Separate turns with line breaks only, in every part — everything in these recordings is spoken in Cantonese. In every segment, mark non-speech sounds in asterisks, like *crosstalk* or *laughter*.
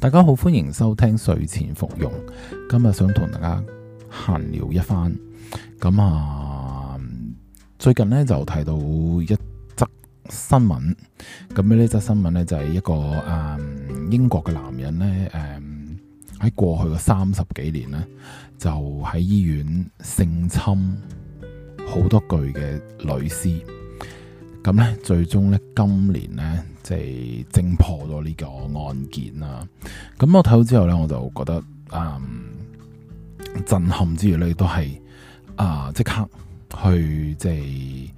大家好，歡迎收聽睡前服用。今日想同大家閒聊一番。咁、嗯、啊，最近呢，就提到一則新聞。咁呢則新聞呢，就係、是、一個誒、嗯、英國嘅男人呢，誒、嗯、喺過去嘅三十幾年呢，就喺醫院性侵好多具嘅女屍。咁咧，最終咧，今年咧，即係偵破咗呢個案件啦。咁我睇到之後咧，我就覺得，嗯、呃，震撼之餘咧，都係啊，即、呃、即刻去即係。即係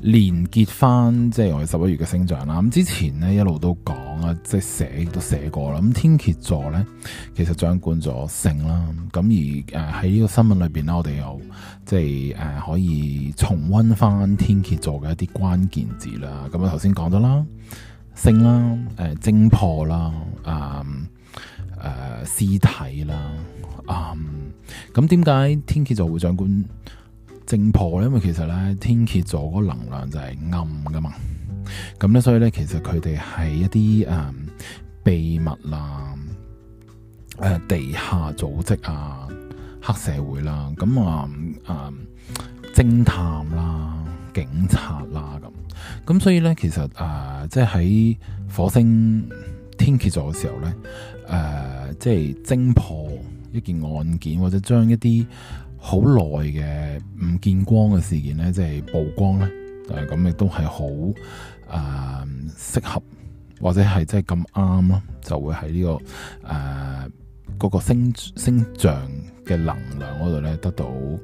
連結翻即係我哋十一月嘅星象啦，咁之前咧一路都講啊，即係寫都寫過啦。咁天蠍座咧，其實掌管咗性啦，咁而誒喺呢個新聞裏邊咧，我哋又即係誒、呃、可以重溫翻天蠍座嘅一啲關鍵字啦。咁啊頭先講咗啦，性啦、啊，誒、呃、偵破啦，啊誒屍體啦，啊咁點解天蠍座會掌管？偵破咧，因為其實咧天蠍座嗰個能量就係暗噶嘛，咁咧所以咧其實佢哋係一啲誒、呃、秘密啦、啊、誒、呃、地下組織啊、黑社會啦、啊、咁、嗯呃、啊啊偵探啦、警察啦、啊、咁，咁所以咧其實誒、呃、即係喺火星天蠍座嘅時候咧，誒、呃、即係偵破一件案件或者將一啲。好耐嘅唔見光嘅事件咧，即係曝光咧，誒咁亦都係好誒適合，或者係即係咁啱咯，就會喺呢、這個誒嗰、呃、個星星象嘅能量嗰度咧得到誒、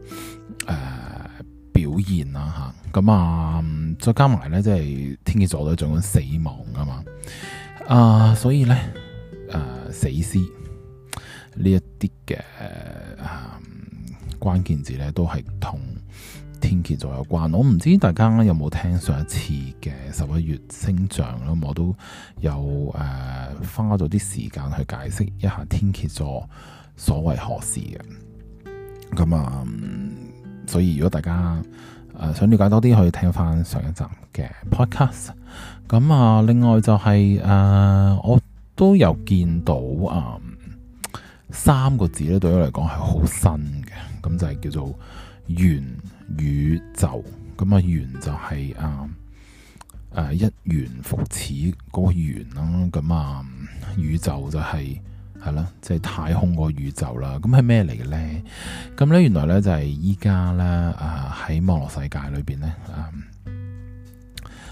呃、表現啦吓。咁啊，再加埋咧即係天蠍座都仲講死亡噶嘛，啊，所以咧誒、呃、死屍呢一啲嘅誒。啊關鍵字咧都係同天蠍座有關，我唔知大家有冇聽上一次嘅十一月星象啦，我都有誒、呃、花咗啲時間去解釋一下天蠍座所為何事嘅。咁啊，所以如果大家誒、呃、想了解多啲，可以聽翻上一集嘅 podcast。咁啊，另外就係、是、誒、呃，我都有見到啊。呃三個字咧，對我嚟講係好新嘅，咁就係叫做元宇宙。咁、就是、啊，元就係啊誒一元復始嗰個元啦。咁啊，宇宙就係係啦，即係、就是、太空個宇宙啦。咁係咩嚟嘅咧？咁咧、啊、原來咧就係依家咧啊喺網絡世界裏邊咧，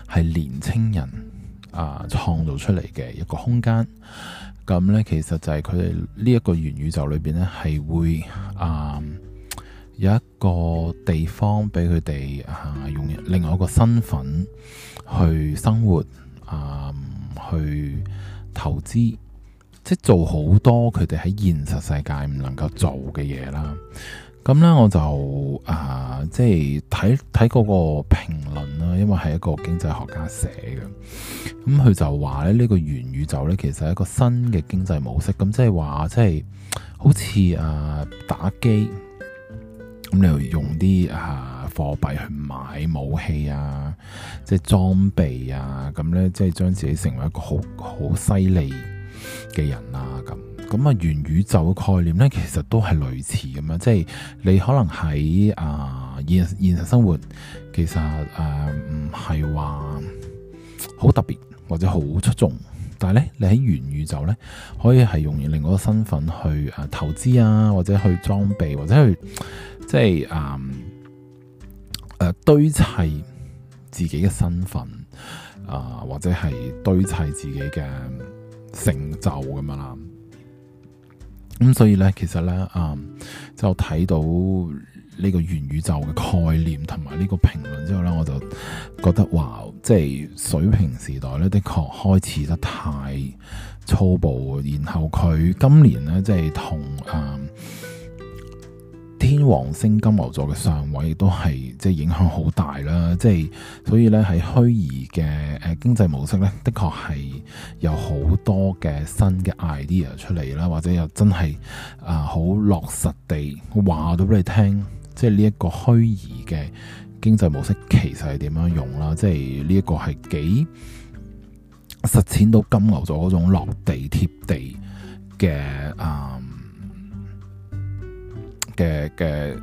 係、啊、年青人啊創造出嚟嘅一個空間。咁咧，其實就係佢哋呢一個元宇宙裏邊咧，係會啊有一個地方俾佢哋啊用另外一個身份去生活啊、呃，去投資，即係做好多佢哋喺現實世界唔能夠做嘅嘢啦。咁咧，我就啊，即係睇睇嗰個評論啦，因為係一個經濟學家寫嘅，咁、嗯、佢就話咧呢個元宇宙咧，其實係一個新嘅經濟模式，咁、嗯、即係話即係好似啊打機，咁、嗯、你用啲啊貨幣去買武器啊，即係裝備啊，咁、嗯、咧即係將自己成為一個好好犀利嘅人啊咁。咁啊，元宇宙嘅概念咧，其實都係類似咁樣，即係你可能喺啊現現實生活，其實誒唔係話好特別或者好出眾，但係咧你喺元宇宙咧，可以係用另一個身份去啊、呃、投資啊，或者去裝備，或者去即係啊誒堆砌自己嘅身份啊、呃，或者係堆砌自己嘅成就咁樣啦。呃咁、嗯、所以咧，其實咧，嗯，就睇到呢個元宇宙嘅概念同埋呢個評論之後咧，我就覺得話，即係水瓶時代咧，的確開始得太粗暴。然後佢今年咧，即係同嗯。天王星金牛座嘅上位亦都係即係影響好大啦，即係所以咧喺虛擬嘅誒、呃、經濟模式咧，的確係有好多嘅新嘅 idea 出嚟啦，或者又真係啊好落實地話到俾你聽，即係呢一個虛擬嘅經濟模式其實係點樣用啦？即係呢一個係幾實踐到金牛座嗰種落地貼地嘅啊？呃嘅嘅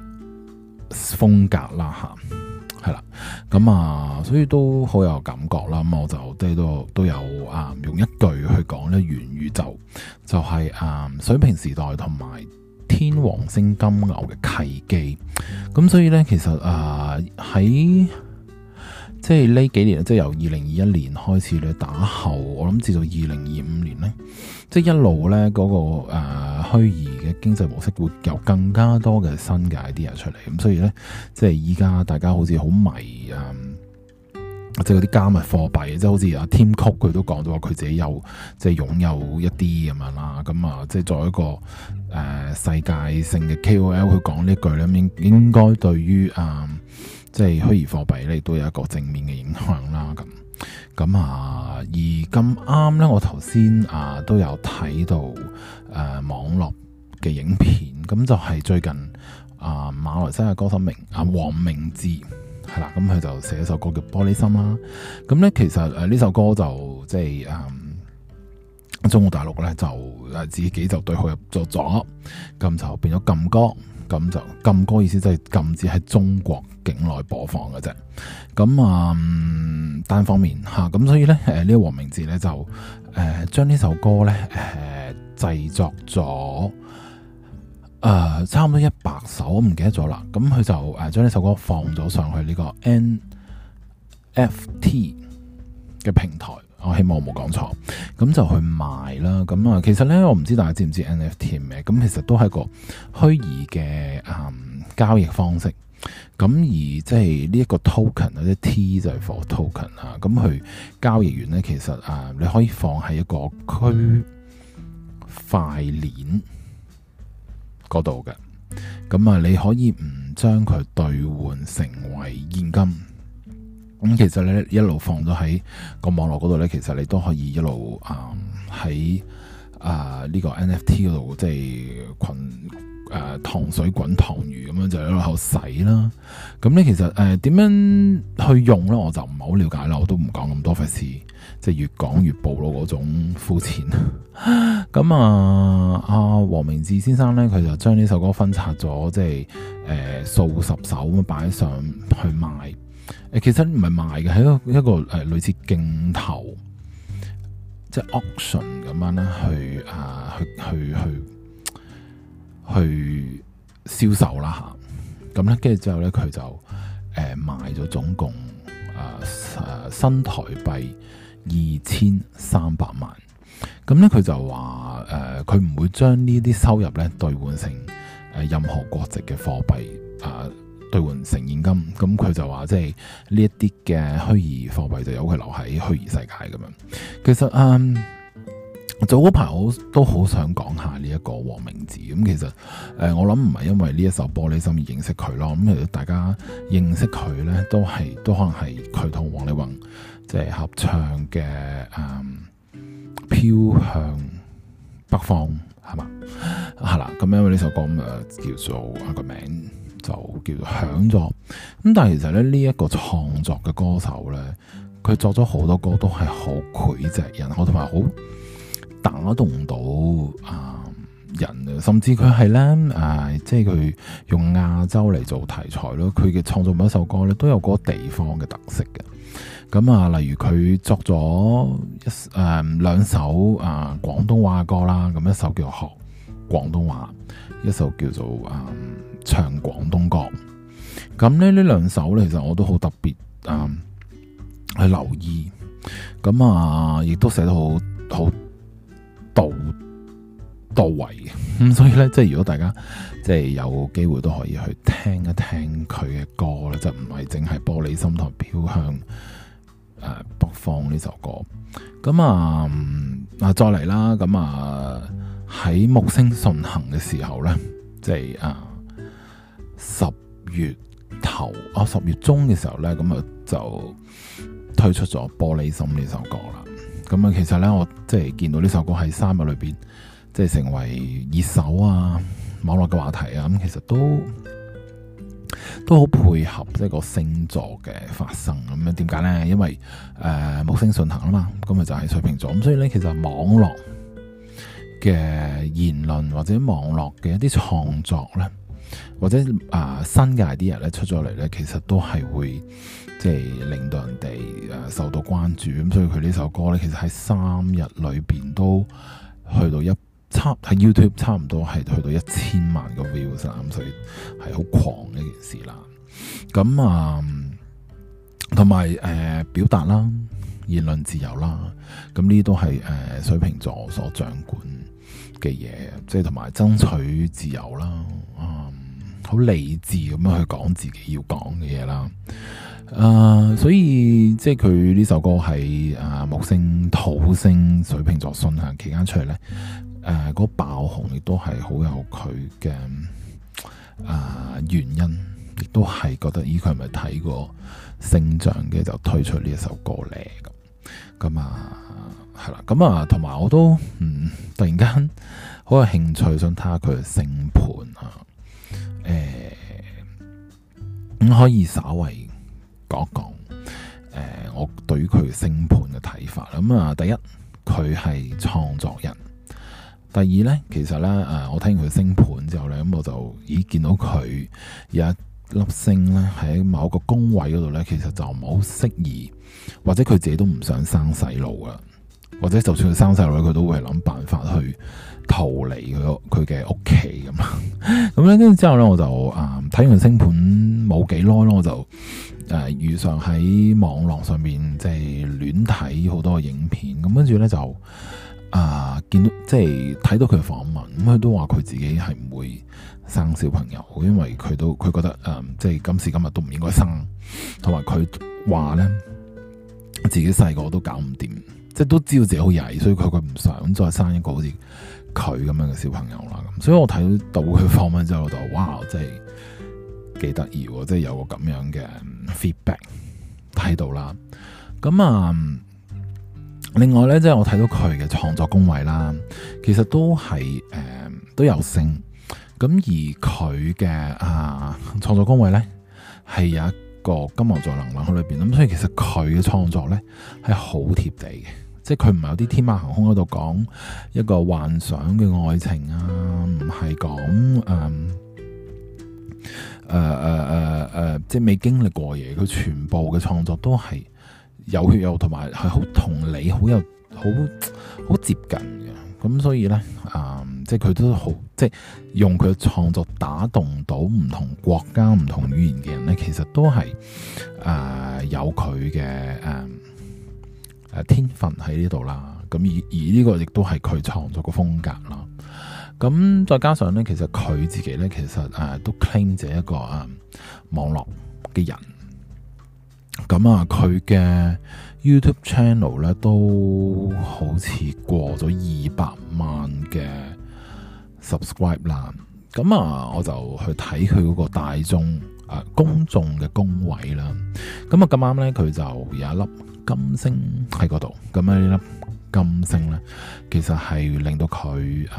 風格啦嚇，係、啊、啦，咁啊，所以都好有感覺啦。咁、啊、我就都都都有啊，用一句去講呢：「元宇宙就係、是、啊，水瓶時代同埋天王星金牛嘅契機。咁所以呢，其實啊喺。即係呢幾年，即係由二零二一年開始你打後，我諗至到二零二五年呢，即係一路呢嗰、那個誒虛擬嘅經濟模式，會有更加多嘅新嘅 idea 出嚟。咁所以呢，即係依家大家好似好迷啊、嗯，即係嗰啲加密貨幣，即係好似阿 Tim Cook 佢都講咗話，佢自己有即係擁有一啲咁樣啦。咁、嗯、啊，即係作為一個誒、呃、世界性嘅 KOL，佢講呢句呢，應應該對於啊。嗯即係虛擬貨幣咧，都有一個正面嘅影響啦。咁咁啊，而咁啱咧，我頭先啊都有睇到誒、啊、網絡嘅影片，咁就係最近啊馬來西亞歌手名啊黃明志係啦，咁佢就寫咗一首歌叫《玻璃心》啦。咁咧其實誒呢、啊、首歌就即係誒、啊、中國大陸咧就誒、啊、自己就對佢作咗咁就變咗禁歌。咁就禁歌意思，即係禁止喺中國境內播放嘅啫。咁啊、呃，單方面吓，咁、啊、所以咧，誒、呃、呢、呢個黃明志咧就誒、呃、將呢首歌咧誒、呃、製作咗誒、呃、差唔多一百首，我唔記得咗啦。咁佢就誒、呃、將呢首歌放咗上去呢個 NFT 嘅平台。我希望我冇講錯，咁就去賣啦。咁啊，其實咧，我唔知大家知唔知 NFT 咩？咁其實都係個虛擬嘅交易方式。咁而即係呢一個 token 或 T 就係 for token 啊。咁去交易完咧，其實啊，你可以放喺一個區塊鏈嗰度嘅。咁啊，你可以唔將佢兌換成為現金。咁其實咧，一路放咗喺個網絡嗰度咧，其實你都可以一路啊喺啊呢個 NFT 嗰度，即係滾誒糖水滾糖魚咁樣就一路去洗啦。咁咧其實誒點、呃、樣去用咧，我就唔係好了解喇，我都唔講咁多，費事，即係越講越暴露嗰種膚淺。咁 *laughs* 啊，阿、啊、黃明志先生咧，佢就將呢首歌分拆咗，即係誒、呃、數十首咁擺上去賣。誒，其實唔係賣嘅，係一個一個誒、呃、類似競投，即係 auction 咁樣啦。去啊、呃，去去去去銷售啦吓。咁、啊、咧，跟住之後咧，佢就誒、呃、賣咗總共誒誒、呃、新台幣二千三百萬。咁、嗯、咧，佢就話誒，佢、呃、唔會將呢啲收入咧兌換成誒任何國籍嘅貨幣啊。呃兌換成現金，咁佢就話即係呢一啲嘅虛擬貨幣就由佢留喺虛擬世界咁樣。其實、嗯、早嗰排我都好想講下呢一個黃明志咁、嗯，其實誒、呃、我諗唔係因為呢一首玻璃心而認識佢咯，咁、嗯、其實大家認識佢呢，都係都可能係佢同王力宏即係合唱嘅誒、嗯，飄向北方係嘛係啦，咁、 *laughs* 嗯、因為呢首歌、呃、叫做一個名。就叫做響作咁，但係其實咧呢一、呢個創作嘅歌手呢，佢作咗好多歌都係好膾炙人口同埋好打動到啊、呃、人嘅，甚至佢係呢，誒、呃，即係佢用亞洲嚟做題材咯，佢嘅創作每一首歌咧都有嗰個地方嘅特色嘅。咁、嗯、啊，例如佢作咗一誒兩、呃、首啊廣、呃、東話歌啦，咁、嗯、一首叫學廣東話，一首叫做誒。呃唱廣東歌咁咧，呢兩首，呢其實我都好特別、嗯、啊，去留意咁啊，亦都寫得好好到到位嘅。咁、嗯、所以咧，即係如果大家即係有機會都可以去聽一聽佢嘅歌咧，就唔係淨係玻璃心同飄向誒、呃，北方呢首歌咁啊。嗱，再嚟啦，咁啊喺木星順行嘅時候咧，即係啊。十月頭啊，十月中嘅時候呢，咁啊就推出咗《玻璃心》呢首歌啦。咁啊，其實呢，我即係見到呢首歌喺三日裏邊，即係成為熱搜啊，網絡嘅話題啊。咁其實都都好配合即係個星座嘅發生。咁點解呢？因為誒木星順行啊嘛，咁啊就係水瓶座。咁所以呢，其實網絡嘅言論或者網絡嘅一啲創作呢。或者啊、呃，新嘅 idea 咧出咗嚟咧，其實都係會即係令到人哋誒、呃、受到關注咁，所以佢呢首歌咧，其實喺三日裏邊都去到一差喺 YouTube 差唔多係去到一千萬個 view 啦，咁所以係好狂嘅一件事啦。咁啊，同埋誒表達啦，言論自由啦，咁呢啲都係誒、呃、水瓶座所掌管嘅嘢，即係同埋爭取自由啦。好理智咁樣去講自己要講嘅嘢啦，誒、呃，所以即係佢呢首歌係誒、啊、木星土星水瓶座順行期間出嚟咧，誒、呃，嗰、那個、爆紅亦都係好有佢嘅誒原因，亦都係覺得咦佢係咪睇過星象嘅就推出呢一首歌咧，咁咁啊係啦，咁啊同埋我都嗯突然間好有興趣想睇下佢嘅星盤啊。誒，咁、嗯、可以稍微講一講，誒、呃，我對佢星盤嘅睇法啦。咁、嗯、啊，第一，佢係創作人；第二咧，其實咧，啊，我聽佢星盤之後咧，咁、嗯、我就咦見到佢有一粒星咧，喺某個宮位嗰度咧，其實就唔好適宜，或者佢自己都唔想生細路啊。或者就算佢生細路女，佢都會係諗辦法去逃離佢佢嘅屋企咁。咁咧跟住之後咧、呃，我就啊睇完星盤冇幾耐咯，我就誒遇上喺網絡上面，即係亂睇好多影片咁。跟住咧就啊、呃、見到即係睇到佢訪問咁，佢都話佢自己係唔會生小朋友，因為佢都佢覺得誒、呃、即係今時今日都唔應該生，同埋佢話咧自己細個都搞唔掂。即都知道自己好曳，所以佢佢唔想再生一個好似佢咁樣嘅小朋友啦。咁所以我睇到佢放翻之後，我就哇，真係幾得意喎！即係有個咁樣嘅 feedback 睇到啦。咁啊，另外咧，即係我睇到佢嘅創作工位啦，其實都係誒都有升。咁而佢嘅啊創作工位咧係有一個金牛座能量喺裏邊。咁所以其實佢嘅創作咧係好貼地嘅。即係佢唔係有啲天馬行空嗰度講一個幻想嘅愛情啊，唔係講誒誒誒誒，即係未經歷過嘢。佢全部嘅創作都係有血有肉，同埋係好同理，好有好好接近嘅。咁所以咧，誒、嗯，即係佢都好，即係用佢嘅創作打動到唔同國家、唔同語言嘅人咧，其實都係誒、呃、有佢嘅誒。嗯誒，天分喺呢度啦，咁而而呢個亦都係佢創作嘅風格啦。咁再加上呢，其實佢自己呢，其實誒、啊、都 claim 住一個啊網絡嘅人。咁啊，佢嘅 YouTube channel 呢都好似過咗二百萬嘅 subscribe 啦。咁啊，我就去睇佢嗰個大眾誒、啊、公眾嘅工位啦。咁啊，咁啱呢，佢就有一粒。金星喺嗰度，咁呢粒金星呢，其實係令到佢誒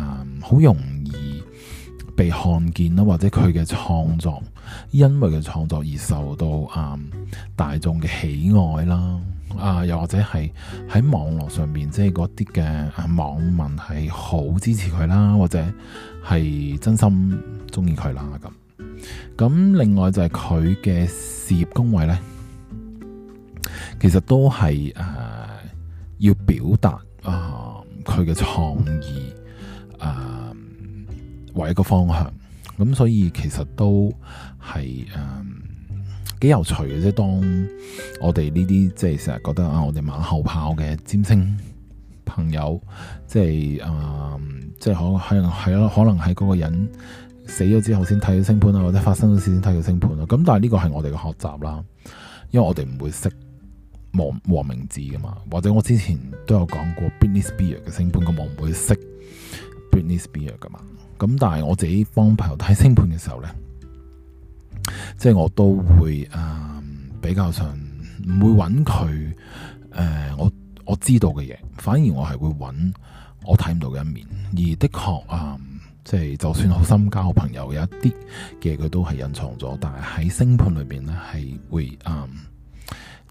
好容易被看見啦，或者佢嘅創作，因為佢創作而受到誒、嗯、大眾嘅喜愛啦，啊又或者係喺網絡上面，即係嗰啲嘅啊網民係好支持佢啦，或者係真心中意佢啦咁。咁另外就係佢嘅事業宮位呢。其實都係誒、呃，要表達啊佢嘅創意誒、呃，為一個方向咁、嗯，所以其實都係誒幾有趣嘅。即係當我哋呢啲即係成日覺得啊，我哋馬後炮嘅占星朋友，即係誒、呃，即係可係係咯，可能係嗰個人死咗之後先睇到星盤，啊，或者發生咗事先睇到星盤啊。咁但係呢個係我哋嘅學習啦，因為我哋唔會識。黃黃明志噶嘛，或者我之前都有講過 Britney Spears 嘅星盤咁，我唔會識 Britney Spears 噶嘛。咁但係我自己幫朋友睇星盤嘅時候咧，即係我都會誒、呃、比較上唔會揾佢誒我我知道嘅嘢，反而我係會揾我睇唔到嘅一面。而的確啊、呃，即係就算好深交嘅朋友有一啲嘅佢都係隱藏咗，但係喺星盤裏邊咧係會誒。呃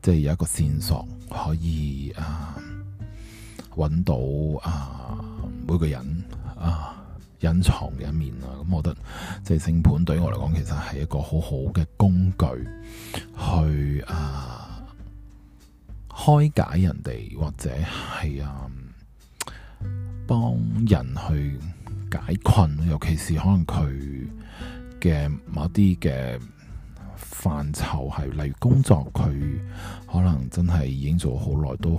即係有一個線索可以啊，揾到啊每個人啊隱藏嘅一面啦。咁我覺得即係星盤對於我嚟講，其實係一個好好嘅工具去，去啊開解人哋或者係啊幫人去解困，尤其是可能佢嘅某啲嘅。範疇係，例如工作，佢可能真係已經做好耐都，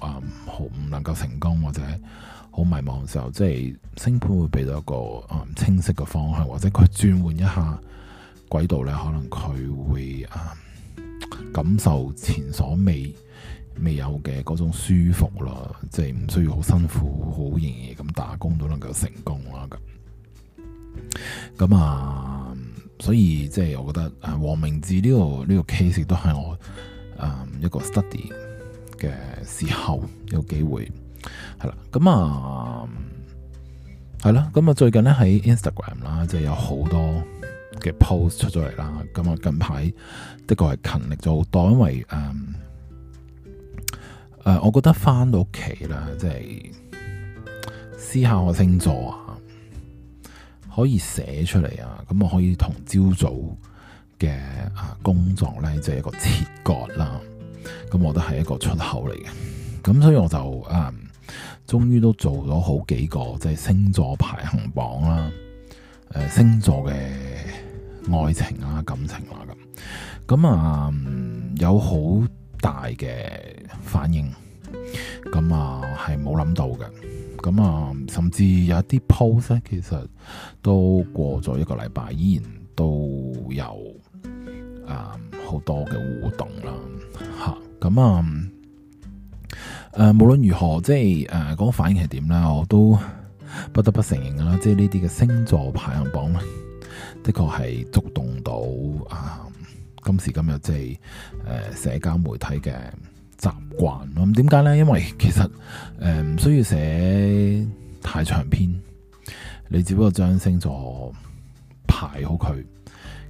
嗯、呃，好唔能夠成功或者好迷茫嘅時候，即係星盤會俾到一個嗯、呃、清晰嘅方向，或者佢轉換一下軌道呢，可能佢會嗯、呃、感受前所未未有嘅嗰種舒服啦，即係唔需要好辛苦，好容易咁打工都能夠成功啦咁，咁啊。所以即係我覺得，誒，黃明志呢、這個呢、這個 case 都係我誒、嗯、一個 study 嘅時候，有機會係啦。咁、嗯、啊，係、嗯、啦。咁、嗯、啊，最近咧喺 Instagram 啦，即係有好多嘅 post 出咗嚟啦。咁、嗯、啊，近排的確係勤力咗好多，因為誒誒、嗯呃，我覺得翻到屋企啦，即係思考我星座啊。可以寫出嚟啊！咁我可以同朝早嘅啊工作呢，即係一個切割啦。咁我覺得係一個出口嚟嘅。咁所以我就啊、嗯，終於都做咗好幾個，即係星座排行榜啦，呃，星座嘅愛情啦、感情啦咁。咁啊，嗯、有好大嘅反應。咁、嗯、啊，係冇諗到嘅。咁啊、嗯，甚至有一啲 post 咧，其實都過咗一個禮拜，依然都有啊好多嘅互動啦。吓，咁啊，誒、啊，無論如何，即係誒，個、呃、反應係點啦，我都不得不承認啦。即係呢啲嘅星座排行榜，的確係觸動到啊，今時今日即係誒、呃，社交媒體嘅習慣咯，咁點解咧？因為其實誒唔需要寫太長篇，你只不過將星座排好佢，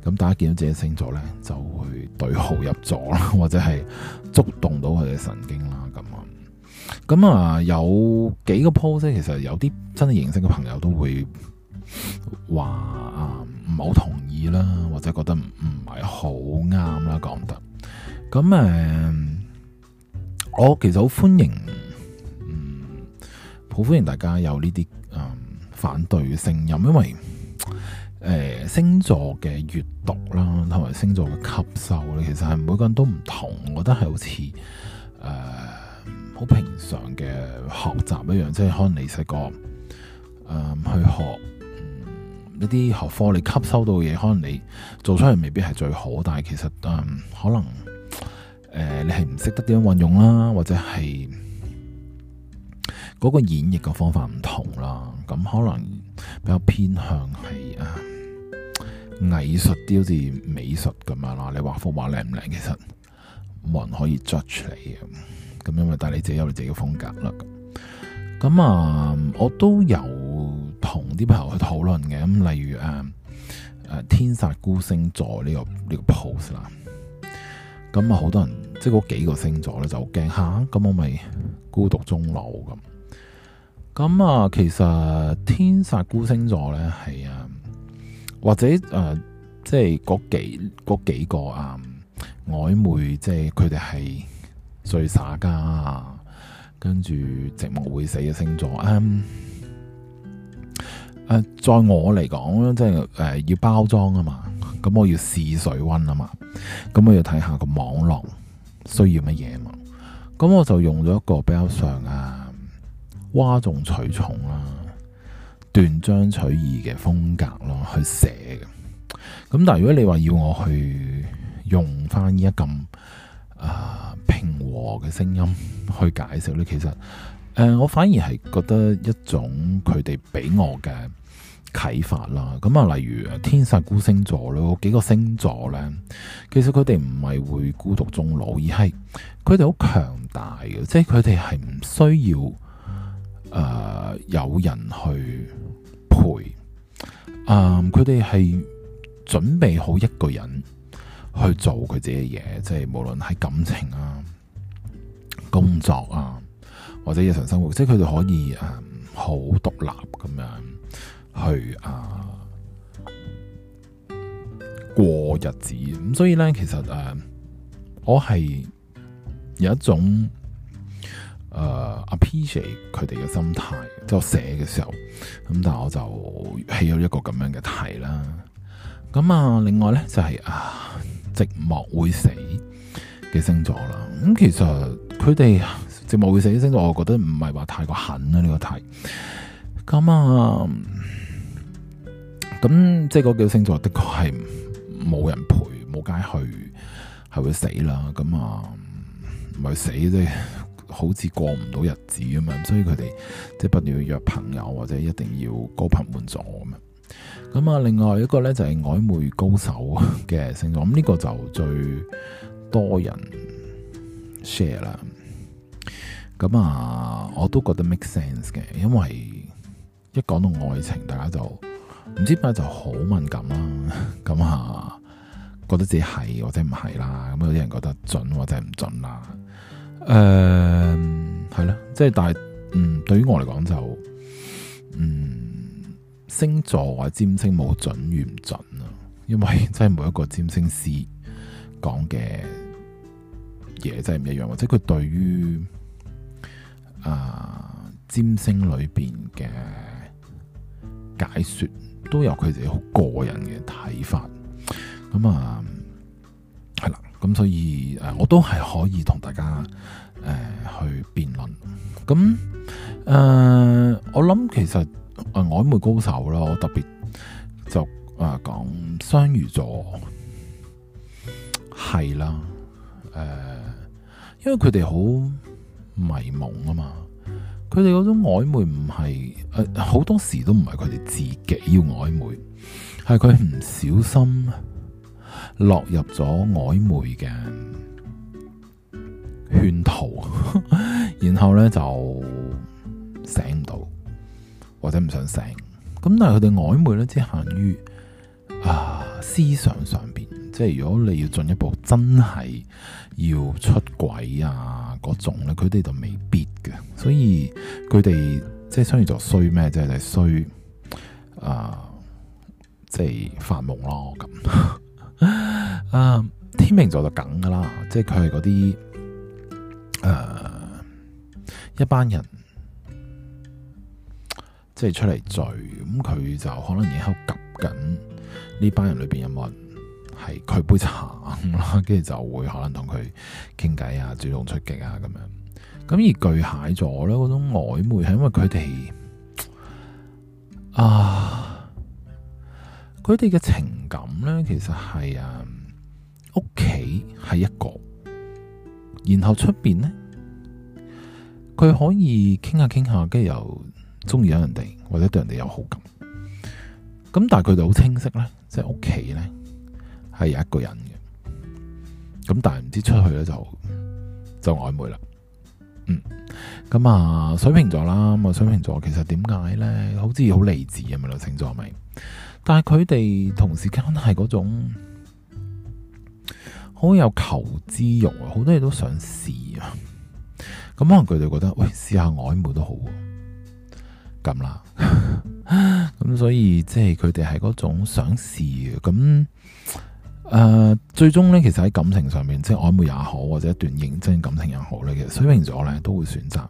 咁大家見到自己星座咧就會對號入座啦，或者係觸動到佢嘅神經啦。咁咁啊，有幾個 post 其實有啲真係認識嘅朋友都會話啊唔好同意啦，或者覺得唔係好啱啦講得咁誒。我、oh, 其實好歡迎，嗯，好歡迎大家有呢啲誒反對嘅聲音，因為誒、呃、星座嘅閱讀啦，同埋星座嘅吸收咧，其實係每個人都唔同，我覺得係好似誒好平常嘅學習一樣，即係可能你細個、嗯、去學一啲、嗯、學科，你吸收到嘢，可能你做出嚟未必係最好，但係其實誒、嗯、可能。誒、呃，你係唔識得點樣運用啦，或者係嗰個演繹嘅方法唔同啦，咁、嗯、可能比較偏向係啊藝術啲好似美術咁樣啦，你畫幅畫靚唔靚，其實冇人可以 judge 你嘅，咁因為但係你自己有你自己嘅風格啦。咁、嗯、啊、嗯，我都有同啲朋友去討論嘅，咁、嗯、例如誒誒、啊、天煞孤星座呢、這個呢、這個 pose 啦。咁啊，好多人即係嗰幾個星座咧，就好驚吓，咁、啊、我咪孤獨終老咁。咁啊，其實天煞孤星座咧係啊，或者誒、呃，即係嗰幾嗰幾個啊，曖、嗯、昧即係佢哋係最耍家，啊，跟住寂寞會死嘅星座。嗯，誒、呃，在我嚟講，即係誒、呃、要包裝啊嘛。咁我要試水温啊嘛，咁我要睇下個網絡需要乜嘢啊嘛，咁我就用咗一個比較上啊，嘩眾取寵啦、啊、斷章取義嘅風格咯，去寫嘅。咁但係如果你話要我去用翻呢一咁啊、呃、平和嘅聲音去解釋呢，其實誒、呃，我反而係覺得一種佢哋俾我嘅啟發啦，咁啊，例如天煞孤星座咯，幾個星座咧，其實佢哋唔係會孤獨終老，而係佢哋好強大嘅，即係佢哋係唔需要誒、呃、有人去陪，啊佢哋係準備好一個人去做佢自己嘅嘢，即係無論喺感情啊、工作啊或者日常生活，即係佢哋可以誒好獨立咁樣，去啊過日子咁，所以咧其實誒、啊，我係有一種誒阿 P J 佢哋嘅心態，即、就、係、是、我寫嘅時候咁，但係我就起咗一個咁樣嘅題啦。咁啊，另外咧就係、是、啊寂寞會死嘅星座啦。咁、啊、其實佢哋寂寞會死嘅星座，我覺得唔係話太過狠啊呢、這個題。咁啊。咁即係嗰個星座的確係冇人陪，冇街去，係會死啦。咁啊，唔係死即係，好似過唔到日子咁樣。所以佢哋即係不斷要約朋友，或者一定要高朋滿座咁樣。咁啊，另外一個呢，就係曖昧高手嘅星座，咁呢個就最多人 share 啦。咁啊，我都覺得 make sense 嘅，因為一講到愛情，大家就。唔知點解就好敏感啦，咁 *laughs* 啊、嗯、覺得自己係或者唔係啦，咁、嗯、有啲人覺得準或者唔準啦，誒、呃、係啦，即係但係，嗯，對於我嚟講就，嗯，星座或占星冇準與唔準啊，因為即係每一個占星師講嘅嘢真係唔一樣，或者佢對於啊占、呃、星裏邊嘅解說。都有佢哋好個人嘅睇法，咁啊係啦，咁所以誒、呃、我都係可以同大家誒、呃、去辯論，咁誒、呃、我諗其實誒曖、呃、昧高手啦，我特別就啊講雙魚座係啦，誒、呃、因為佢哋好迷蒙啊嘛。佢哋嗰種曖昧唔係，誒、呃、好多時都唔係佢哋自己要曖昧，係佢唔小心落入咗曖昧嘅圈套， *laughs* 然後咧就醒唔到，或者唔想醒。咁但係佢哋曖昧咧，只限於啊思想上邊。即係如果你要進一步，真係要出軌啊。嗰種咧，佢哋就未必嘅，所以佢哋即係雙魚座衰咩？即係衰啊，即係發夢咯咁。嗯、呃 *laughs* 呃，天秤座就梗噶啦，即係佢係嗰啲誒一班人，即係出嚟聚，咁佢就可能而喺度及緊呢班人裏邊有冇人，係佢杯茶啦，跟住就會可能同佢傾偈啊，主動出擊啊咁樣。咁而巨蟹座咧，嗰種曖昧係因為佢哋啊，佢哋嘅情感咧，其實係誒屋企係一個，然後出邊呢，佢可以傾下傾下，跟住又中意咗人哋或者對人哋有好感。咁但係佢哋好清晰咧，即係屋企咧。係有一個人嘅，咁但係唔知出去咧就就曖昧啦。嗯，咁啊，水瓶座啦，啊，水瓶座其實點解咧，好似好理智嘛，流星座咪？但係佢哋同時間係嗰種好有求知欲啊，好多嘢都想試啊。咁可能佢哋覺得，喂，試下曖昧都好，咁啦。咁 *laughs* 所以即係佢哋係嗰種想試嘅咁。誒、呃，最終呢，其實喺感情上面，即係曖昧也好，或者一段認真感情也好咧，其實水瓶座呢都會選擇誒嗰、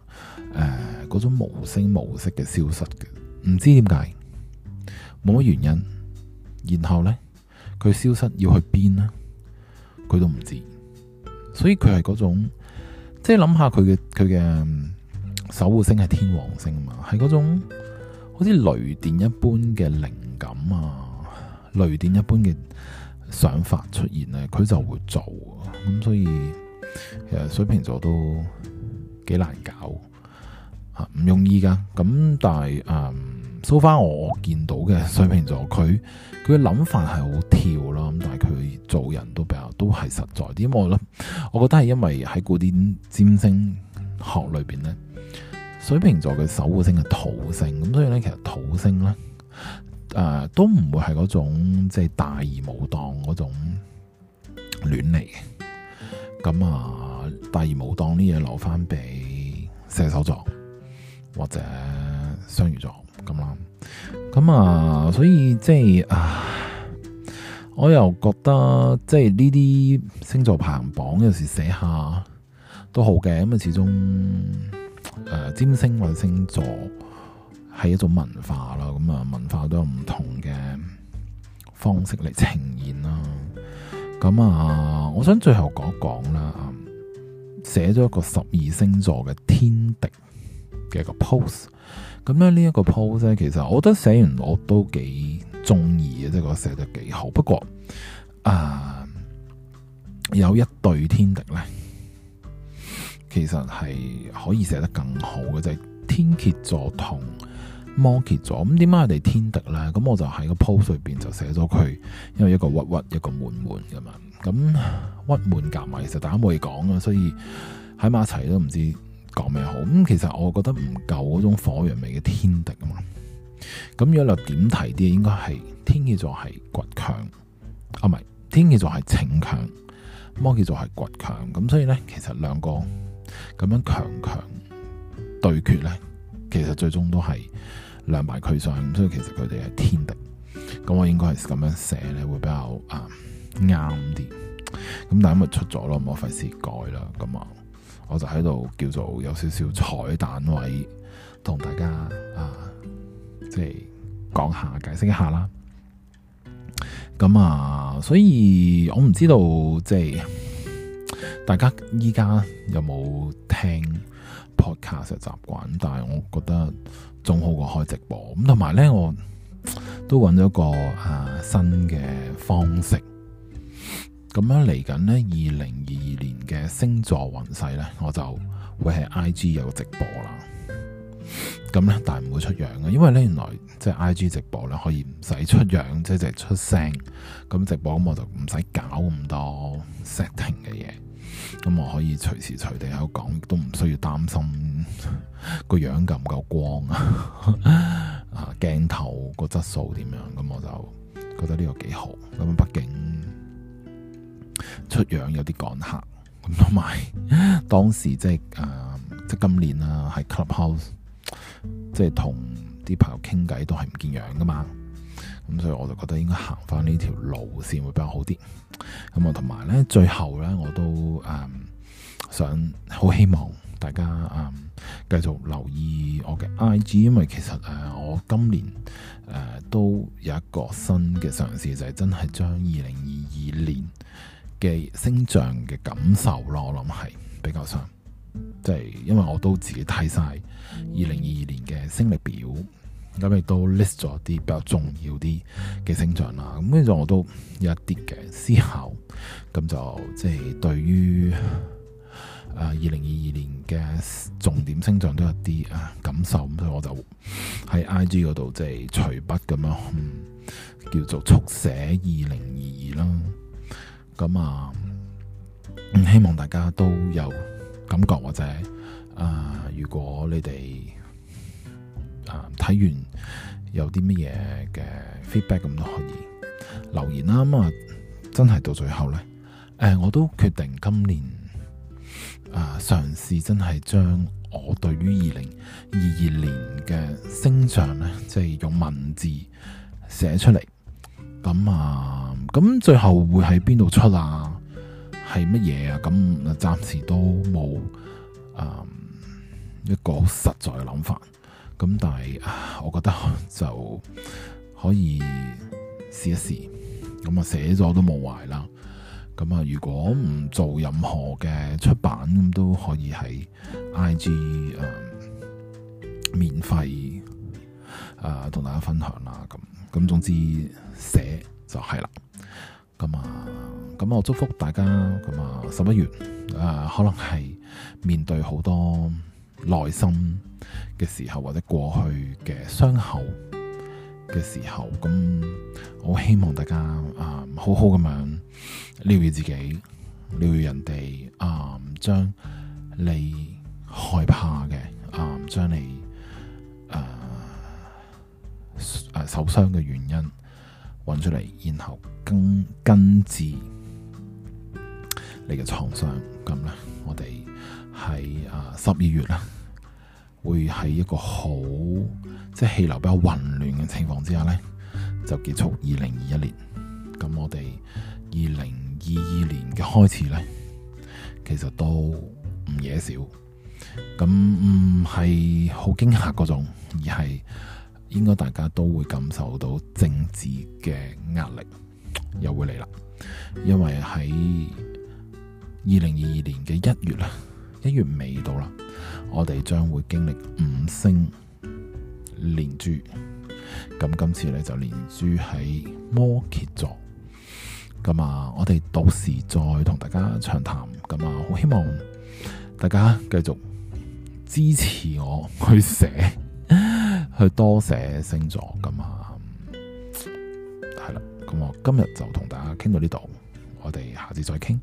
呃、種無聲無息嘅消失嘅。唔知點解冇乜原因，然後呢，佢消失要去邊呢？佢都唔知，所以佢係嗰種即係諗下佢嘅佢嘅守護星係天王星啊嘛，係嗰種好似雷電一般嘅靈感啊，雷電一般嘅。想法出現咧，佢就會做，咁所以其實水瓶座都幾難搞吓，唔容易㗎。咁但係嗯，so far 我見到嘅水瓶座，佢佢嘅諗法係好跳啦，咁但係佢做人都比較都係實在啲。我諗，我覺得係因為喺古典占星學裏邊咧，水瓶座嘅守護星係土星，咁所以咧其實土星咧。誒、呃、都唔會係嗰種即係大而無當嗰種亂嚟嘅，咁啊大而無當啲嘢留翻俾射手座或者雙魚座咁啦，咁啊，啊所以即係啊，我又覺得即係呢啲星座排行榜有時寫下都好嘅，咁啊始終誒、呃、占星或者星座。係一種文化啦，咁啊文化都有唔同嘅方式嚟呈現啦。咁啊，我想最後講一講啦，寫咗一個十二星座嘅天敵嘅一個 post 咁咧，呢一個 post 咧，其實我覺得寫完我都幾中意嘅，即係我寫得幾好。不過，誒、呃、有一對天敵咧，其實係可以寫得更好嘅，就係、是、天蠍座同。摩羯座，咁點解佢哋天敵咧？咁我就喺個 post 入邊就寫咗佢，因為一個鬱鬱，一個悶悶㗎嘛。咁鬱悶夾埋，其實大家冇嘢講啊，所以喺埋一齊都唔知講咩好。咁其實我覺得唔夠嗰種火藥味嘅天敵啊嘛。咁如果略點提啲，應該係天蠍座係倔強，啊唔係天蠍座係逞強，摩羯座係倔強。咁所以咧，其實兩個咁樣強強對決咧。其實最終都係兩敗俱傷，所以其實佢哋係天敵，咁我應該係咁樣寫咧會比較啊啱啲，咁但係因為出咗咯，唔好費事改啦，咁啊，我就喺度叫做有少少彩蛋位，同大家啊即係講下解釋一下啦，咁啊，所以我唔知道即係大家依家有冇聽。Podcast 嘅習慣，但係我覺得仲好過開直播，咁同埋呢，我都揾咗個誒、啊、新嘅方式，咁樣嚟緊呢，二零二二年嘅星座運勢呢，我就會喺 IG 有直播啦。咁、嗯、呢，但係唔會出樣嘅，因為呢原來即係、就係、IG 直播呢，可以唔使出樣，即係就係、出聲，咁、嗯、直播我就唔使搞咁多 setting 嘅嘢。咁、嗯、我可以隨時隨地喺度講，都唔需要擔心個樣夠唔夠光啊，啊鏡頭個質素點樣？咁、嗯、我就覺得呢個幾好。咁、嗯、畢竟出樣有啲趕客，咁同埋當時即係誒、呃、即係今年啊，係 club house，即係同啲朋友傾偈都係唔見樣噶嘛。咁、嗯、所以我就覺得應該行翻呢條路線會比較好啲。咁啊，同埋呢最後呢，我都誒、嗯、想好希望大家誒、嗯、繼續留意我嘅 IG，因為其實誒、啊、我今年、呃、都有一個新嘅嘗試，就係、是、真係將二零二二年嘅星象嘅感受咯。我諗係比較上，即、就、係、是、因為我都自己睇晒二零二二年嘅星力表。咁亦都 list 咗啲比較重要啲嘅星象啦，咁跟住我都有一啲嘅思考，咁就即係、就是、對於誒二零二二年嘅重點星象都有啲誒、啊、感受，咁所以我就喺 IG 度即係隨筆咁樣、嗯、叫做速寫二零二二啦，咁、嗯、啊，希望大家都有感覺或者誒、啊，如果你哋。啊！睇完有啲乜嘢嘅 feedback 咁都可以留言啦。咁啊，嗯、真係到最後咧，誒、呃，我都決定今年啊嘗試真係將我對於二零二二年嘅星象咧，即係用文字寫出嚟。咁、嗯、啊，咁、嗯嗯、最後會喺邊度出啊？係乜嘢啊？咁、嗯、暫時都冇誒、嗯、一個好實在嘅諗法。咁但係，我覺得我就可以試一試。咁、嗯、啊，寫咗都冇壞啦。咁、嗯、啊，如果唔做任何嘅出版，咁、嗯、都可以喺 IG、呃、免費誒同大家分享啦。咁、嗯、咁，總之寫就係啦。咁、嗯、啊，咁、嗯嗯嗯、我祝福大家。咁、嗯、啊，十、嗯、一月誒、呃，可能係面對好多。內心嘅時候，或者過去嘅傷口嘅時候，咁我希望大家啊、嗯，好好咁樣療癒自己，療癒人哋啊，將你害怕嘅啊，將你誒誒、啊、受傷嘅、啊、原因揾出嚟，然後根根治你嘅創傷。咁咧，我哋喺啊十二月啦。 *laughs* 會喺一個好即係氣流比較混亂嘅情況之下呢，就結束二零二一年。咁我哋二零二二年嘅開始呢，其實都唔惹少。咁唔係好驚嚇嗰種，而係應該大家都會感受到政治嘅壓力又會嚟啦。因為喺二零二二年嘅一月咧。一月尾到啦，我哋將會經歷五星連珠，咁今次咧就連珠喺摩羯座，咁啊，我哋到時再同大家長談，咁啊，好希望大家繼續支持我去寫， *laughs* 去多寫星座，咁啊，係啦，咁我今日就同大家傾到呢度，我哋下次再傾。